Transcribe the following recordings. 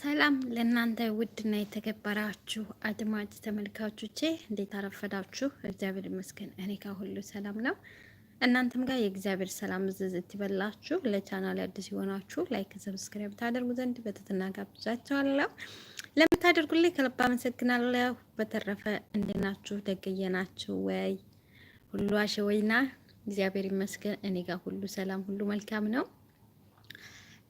ሰላም ለእናንተ ውድና የተከበራችሁ አድማጭ ተመልካቾቼ እንዴት አረፈዳችሁ? እግዚአብሔር ይመስገን እኔ ጋር ሁሉ ሰላም ነው። እናንተም ጋር የእግዚአብሔር ሰላም ዝዝት ይበላችሁ። ለቻናል አዲስ የሆናችሁ ላይክ፣ ሰብስክራይብ ታደርጉ ዘንድ በትህትና ጋብዣችኋለሁ። ለምታደርጉልኝ ከልብ አመሰግናለሁ። በተረፈ እንዴት ናችሁ? ደግዬ ናችሁ ወይ? ሁሉ አሸወይና እግዚአብሔር ይመስገን እኔ ጋር ሁሉ ሰላም፣ ሁሉ መልካም ነው።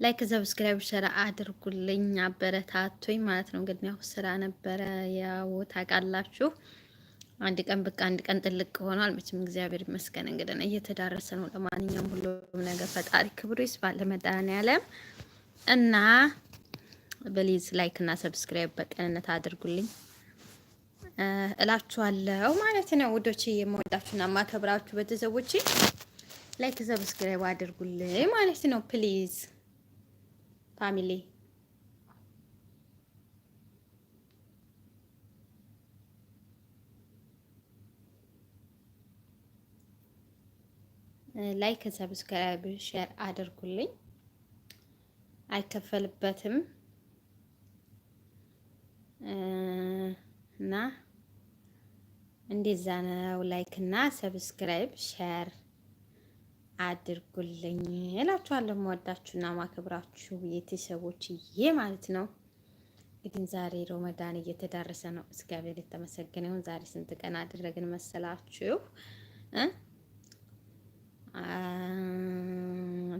ላይክ ሰብስክራይብ ሸራ አድርጉልኝ፣ አበረታቶኝ ማለት ነው። እንግዲህ ያው ስራ ነበረ፣ ያው ታውቃላችሁ፣ አንድ ቀን ብቅ አንድ ቀን ጥልቅ ሆኗል። መቼም እግዚአብሔር ይመስገን እንግዲህ እየተዳረሰ ነው። ለማንኛውም ሁሉም ነገር ፈጣሪ ክብሩ ይስፋ ለመድኃኒዓለም እና በሊዝ ላይክ እና ሰብስክራይብ በቀንነት አድርጉልኝ እላችኋለሁ ማለት ነው። ውዶቼ የምወዳችሁና ማከብራችሁ ቤተሰቦቼ ላይክ ሰብስክራይብ አድርጉልኝ ማለት ነው ፕሊዝ ፋሚሊ ላይክ ሰብስክራይብ ሼር አድርጉልኝ። አይከፈልበትም እና እንደዛ ነው። ላይክ እና ሰብስክራይብ ሼር አድርጉልኝ እላችኋለሁ። መወዳችሁና ማክብራችሁ ቤተሰቦችዬ ማለት ነው። እንግዲህ ዛሬ ሮመዳን እየተዳረሰ ነው። እግዚአብሔር የተመሰገነ ይሁን። ዛሬ ስንት ቀን አደረግን መሰላችሁ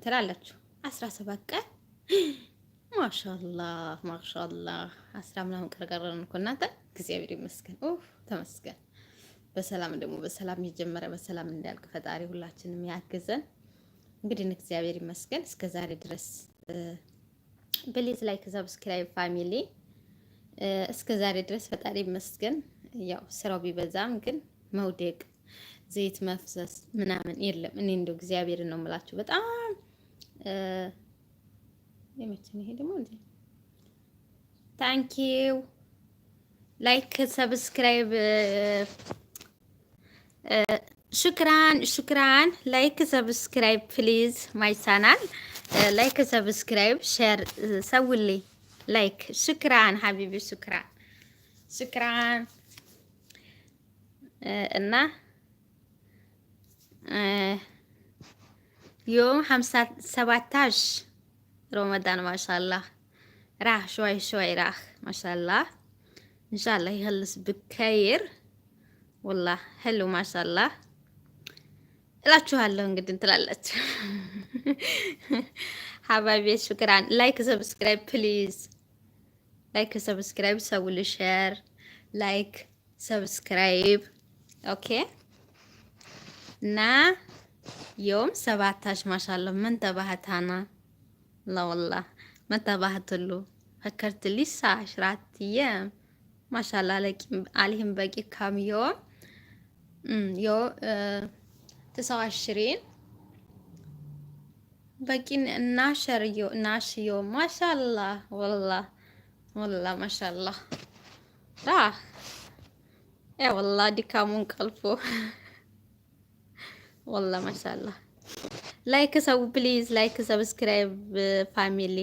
ትላላችሁ? አስራ ሰባት ቀን ማሻላህ ማሻላህ። አስራ ምናምን ቀርቀረን እኮ እናንተ። እግዚአብሔር ይመስገን ተመስገን በሰላም ደግሞ በሰላም የጀመረ በሰላም እንዲያልቅ ፈጣሪ ሁላችንም ያግዘን። እንግዲህ እግዚአብሔር ይመስገን እስከ ዛሬ ድረስ ብሌዝ ላይክ ሰብስክራይብ ፋሚሊ እስከ ዛሬ ድረስ ፈጣሪ ይመስገን። ያው ስራው ቢበዛም ግን መውደቅ ዘይት መፍሰስ ምናምን የለም። እኔ እንደው እግዚአብሔር ነው የምላችሁ በጣም የመችን ይሄ ደግሞ እንዴ ታንኪው ላይክ ሰብስክራይብ شكرا شكرا لايك سبسكرايب بليز ماي شانل لايك سبسكرايب شير سوي لي لايك شكرا حبيبي شكرا شكرا uh, انا uh, يوم خمسة سبعتاش رمضان ما شاء الله راح شوي شوي راح ما شاء الله إن شاء الله يخلص بكير ወላ ሄሎ ማሻላህ እላችኋለሁ። እንግዲህ እንትላለች ሀባቤት ሽክራን። ላይክ ሰብስክራይብ ፕሊዝ፣ ላይክ ሰብስክራይብ፣ ሰውል ሸር፣ ላይክ ሰብስክራይብ። ኦኬ እና የውም ሰባታሽ ማሻለሁ ምን ተባህታና ለወላ ምን ፈከርት ሊሳ ሽራትየ ማሻላ አለቂም አልህም በቂ ካም የውም ትሰው አሽሬን በቂን እናሸርዮ እናሽዮ ማሻላ ወላ ወላ ማሻላ ራ ወላ ድካሙን ቀልፎ ወላ ማሻላ ላይክ ሰው ፕሊዝ ላይክ ሰብስክራይብ ፋሚሊ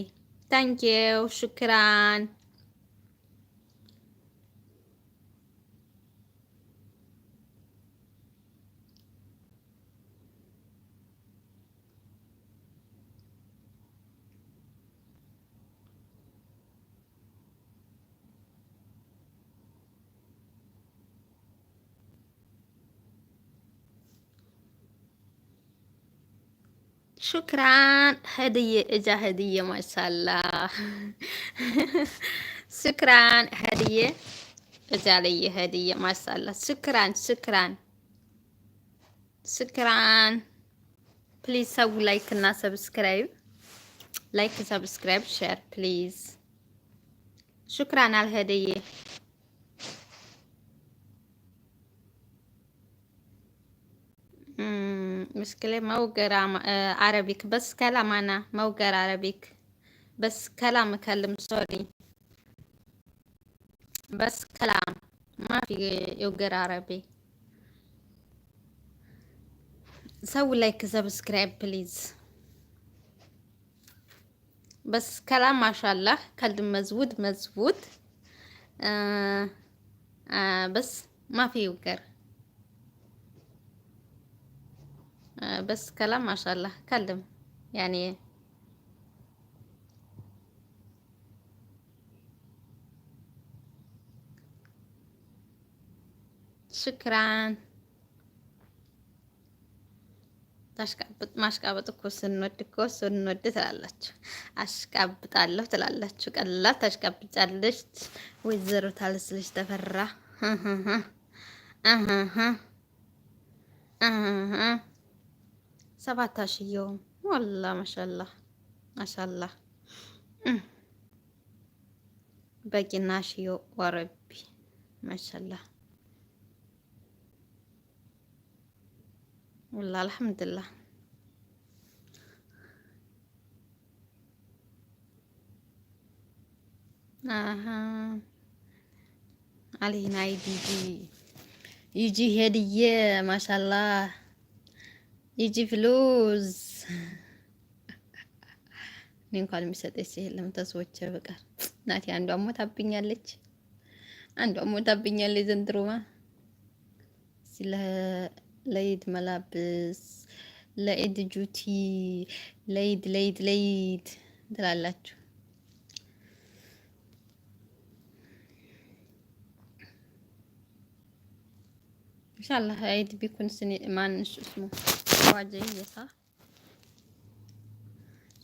ታንኪው ሹክራን شكرا هدية إجا هدية ما شاء الله شكرا هدية إجا لي هدية ما شاء الله شكرا شكرا شكرا بليز سووا لايك لنا سبسكرايب لايك سبسكرايب شير بليز شكرا على الهدية مشكلة موقر عربيك بس كلام أنا موقر عربيك بس كلام أكلم سوري بس كلام ما في يوقر عربي سوي لايك سبسكرايب بليز بس كلام ما شاء الله كلم مزود مزود آه آه بس ما في يوقر بس كلام ما شاء الله كلم يعني شكرا ማሽቃበጥ እኮ ስንወድ እኮ ስንወድ ትላላችሁ፣ አሽቃብጣለሁ ትላላችሁ። ቀላል ታሽቃብጫለች። ወይዘሮ ታለስለች ተፈራ سبعتاش يوم والله ما شاء الله ما شاء الله باقي ناشيو وربي ما شاء الله والله الحمد لله اها علي هنا يجي يجي هديه ما شاء الله ይጂ e ፍሉዝ እኔ እንኳን የሚሰጠች የለም ተሰዎች በቀር እናቴ አንዷ ሞታብኛለች፣ አንዷ ሞታብኛለች። ዘንድሮማ ስለ ለኢድ መላብስ ለኢድ ጁቲ ለኢድ ለኢድ ለኢድ ትላላችሁ። ኢንሻአላህ ኢድ ቢኩን ስኒ ማን ስሙ ዋጀ ይታ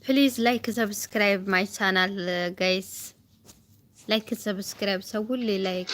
ፕሊዝ ላይክ ሰብስክራይብ ማይ ቻናል ጋይስ ላይክ ሰብስክራይብ ሰው ሁሌ ላይክ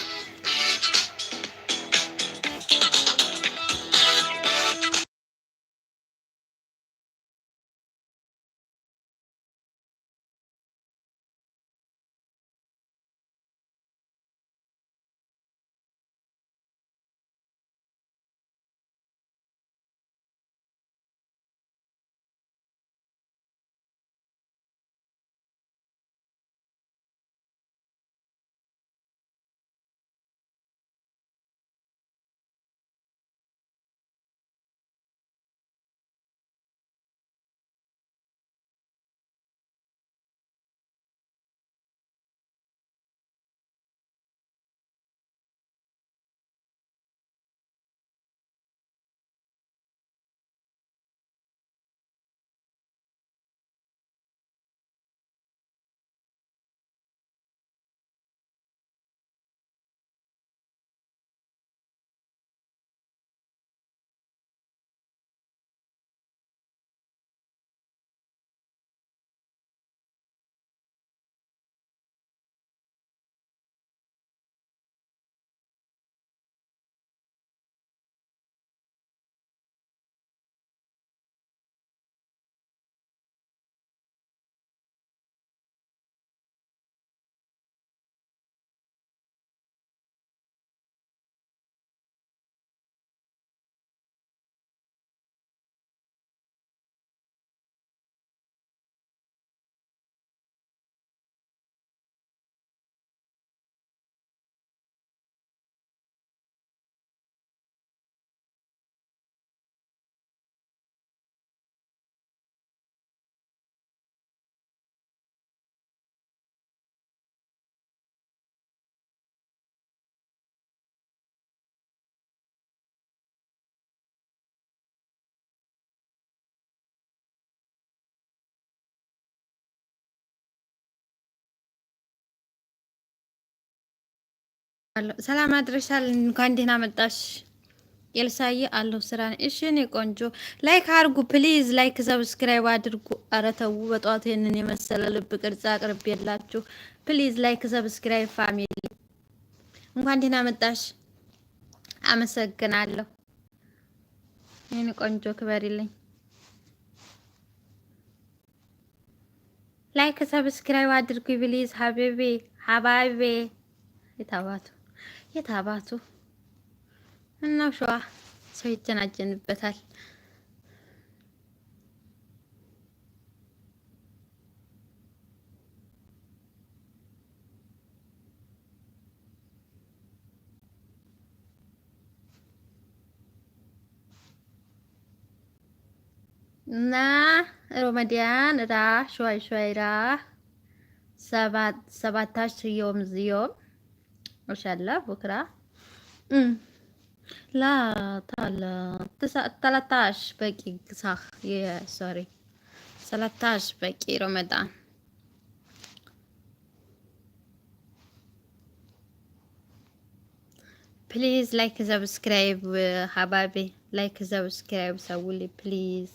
ሰላም አድረሻል። እንኳን ደህና መጣሽ። ኤልሳዬ አለሁ ስራ ነው። እሺ እኔ ቆንጆ ላይክ አድርጉ ፕሊዝ፣ ላይክ ሰብስክራይብ አድርጉ። ኧረ ተው በጠዋት ይህንን የመሰለ ልብ ቅርጽ አቅርቤላችሁ ፕሊዝ፣ ላይክ ሰብስክራይብ ፋሚሊ። እንኳን ደህና መጣሽ። አመሰግናለሁ። እኔ ቆንጆ ክበሪልኝ። ላይክ ሰብስክራይብ አድርጉ ፕሊዝ። ሀቢቤ ሀባቤ ይታባቱ የታባቱ እናው ሸዋ ሰው ይጀናጀንበታል። እና ሮመዲያን ራ ሸዋይ ሸዋይ ራ ሰባት ሰባታች ዮም ዝዮም ان شاء الله بكره امم لا طال تسع 13 باقي صح يا سوري 13 باقي رمضان بليز لايك سبسكرايب حبايبي لايك سبسكرايب سوولي بليز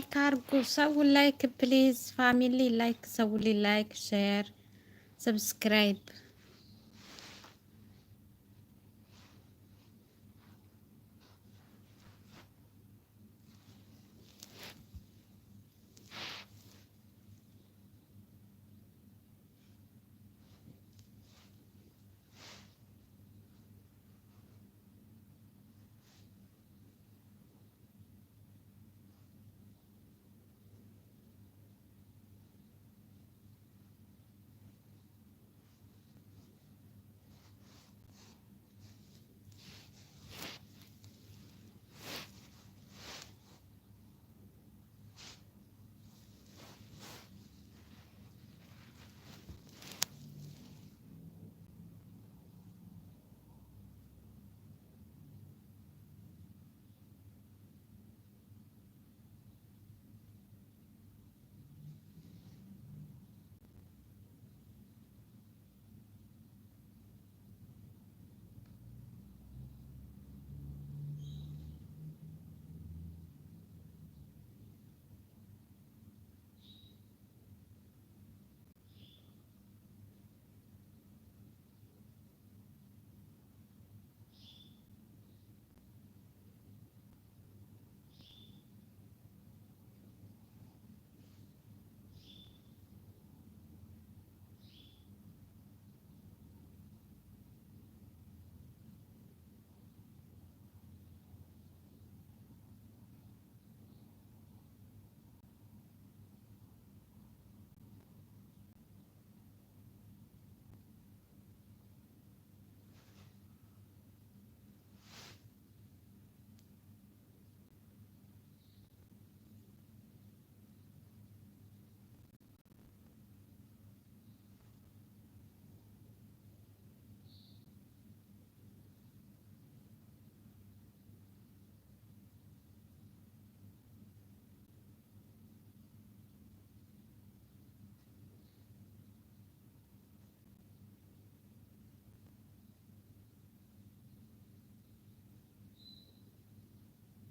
ላይክ አርጉ። ሰው ላይክ ፕሊዝ ፋሚሊ ላይክ ሰው ላይክ ሼር ሰብስክራይብ